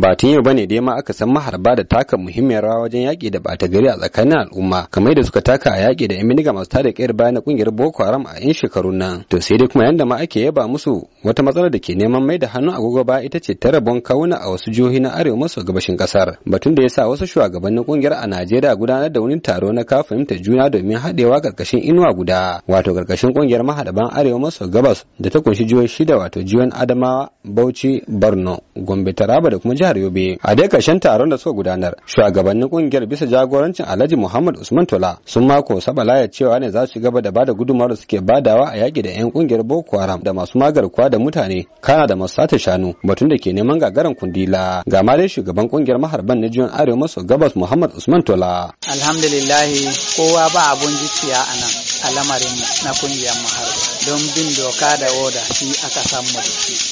ba tun yau bane dai ma aka san maharba da taka muhimmiyar rawa wajen yaƙi da bata gari a tsakanin al'umma kamar da suka taka a yaƙi da yan ga masu tada ƙayar baya na ƙungiyar boko haram a yan shekarun nan to sai dai kuma yanda ma ake yaba musu wata matsalar da ke neman mai da hannu agogo ba ita ce ta rabon kawuna a wasu jihohi na arewa maso gabashin kasar batun da ya sa wasu shugabannin ƙungiyar a najeriya gudanar da wani taro na kafin ta juna domin haɗewa ƙarƙashin inuwa guda wato ƙarƙashin ƙungiyar mahaɗaban arewa maso gabas da ta kunshi jihohi shida wato jihohin adamawa bauchi borno gombe taraba da kuma jihar Yobe. A dai karshen taron da suka gudanar, shugabannin ƙungiyar bisa jagorancin Alhaji Muhammad Usman Tola sun mako sabalaya cewa ne za su gaba da bada gudunmawar da suke badawa a yaƙi da 'yan kungiyar Boko Haram da masu magarkuwa da mutane, kana da masu sata shanu, batun da ke neman gagaran kundila. Ga ma dai shugaban ƙungiyar maharban na jiyon Arewa maso gabas Muhammad Usman Tola. Alhamdulillahi kowa ba abun jiciya a nan a lamarin na kungiyar maharba. don bin doka da oda shi aka kasan mu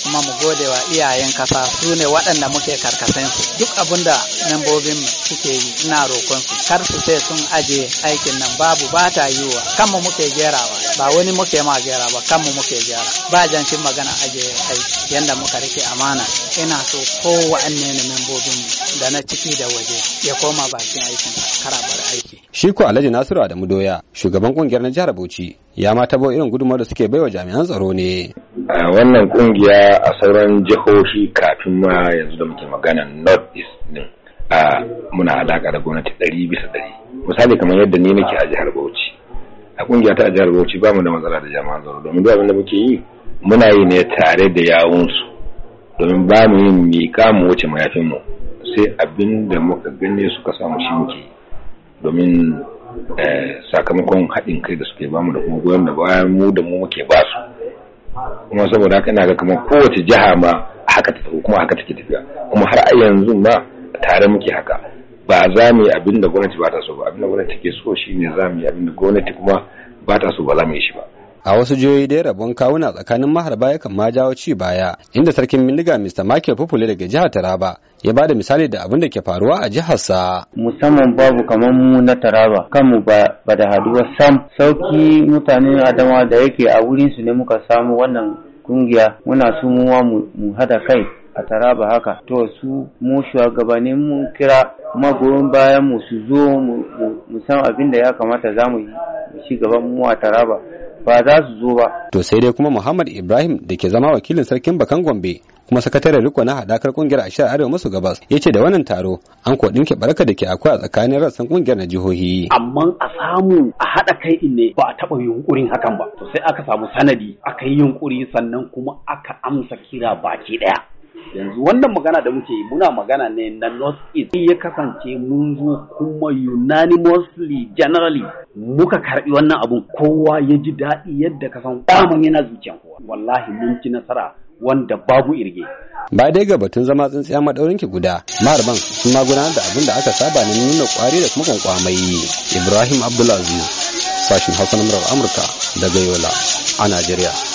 kuma mu gode wa iyayen kasa su ne waɗanda muke karkasansu duk abin da membobin suke yi ina roƙon kar su sai sun ajiye aikin nan babu ba ta yiwa kanmu muke gerawa ba wani muke ma gyara ba kanmu muke gyara ba jancin magana aje kai yanda muka rike amana ina so kowanne ne membobin da na ciki da waje ya koma bakin aikin karabar aiki shi ko Alhaji Nasiru Adamu Doya shugaban kungiyar na jihar Bauchi ya ma tabo irin gudunmawar da suke baiwa jami'an tsaro ne wannan kungiya a sauran jihohi kafin ma yanzu da muke magana north east din a muna alaka da gwamnati ɗari bisa ɗari misali kamar yadda ni nake a jihar Bauchi a kungiya ta jihar Bauchi ba mu da matsala da jama'a tsaro domin duk abin da muke yi muna yi ne tare da yawunsu domin ba mu yin miƙa mu wuce mayafin mu sai abin da muka gane suka samu shi muke domin eh, sakamakon haɗin kai da suke bamu da kuma goyon da bayan mu da mu muke ba su kuma saboda haka ina ga kamar kowace jiha ma haka ta kuma haka take tafiya kuma har a yanzu ma tare muke haka ba za mu yi abin da gwamnati ba ta so ba abin da gwamnati ke so ne za mu yi abin da gwamnati kuma ba ta so ba za mu yi shi ba a wasu jihohi dai rabon kawuna tsakanin maharba yakan ma jawo ci baya inda sarkin bindiga mr michael popule daga jihar taraba ya ba da misali da abin da ke faruwa a jihar sa. musamman babu kamar mu na taraba kanmu ba da haduwa sam sauki mutanen adama da yake a wurin su ne muka samu wannan kungiya muna sumuwa mu hada kai a taraba haka to su mu shugabannin mu kira magoyin bayan mu su zo mu san abin da ya kamata za mu yi ci gaban mu a taraba ba za su zo ba to sai dai kuma muhammad ibrahim da ke zama wakilin sarkin bakan gombe kuma sakataren riko na hadakar kungiyar ashirar arewa maso gabas ya ce da wannan taro an ko dinke barka da ke akwai a tsakanin rassan kungiyar na jihohi amma a samu a haɗa kai ne ba a taɓa yunkurin hakan ba to sai aka samu sanadi aka yi yunkuri sannan kuma aka amsa kira baki ɗaya yanzu wannan magana da muke muna magana ne na north east ya kasance mun zo kuma unanimously generally muka karbi wannan abun kowa ya ji daɗi yadda ka san daman yana zuciyan kowa wallahi mun ci nasara wanda babu irge. Ba dai ga batun zama tsintsiya maɗaurin ki guda, maharban sun ma gudanar da abin da aka saba na nuna ƙwari da kuma kwamai. Ibrahim Abdulaziz, sashin Hausa na Amurka daga Yola a Najeriya.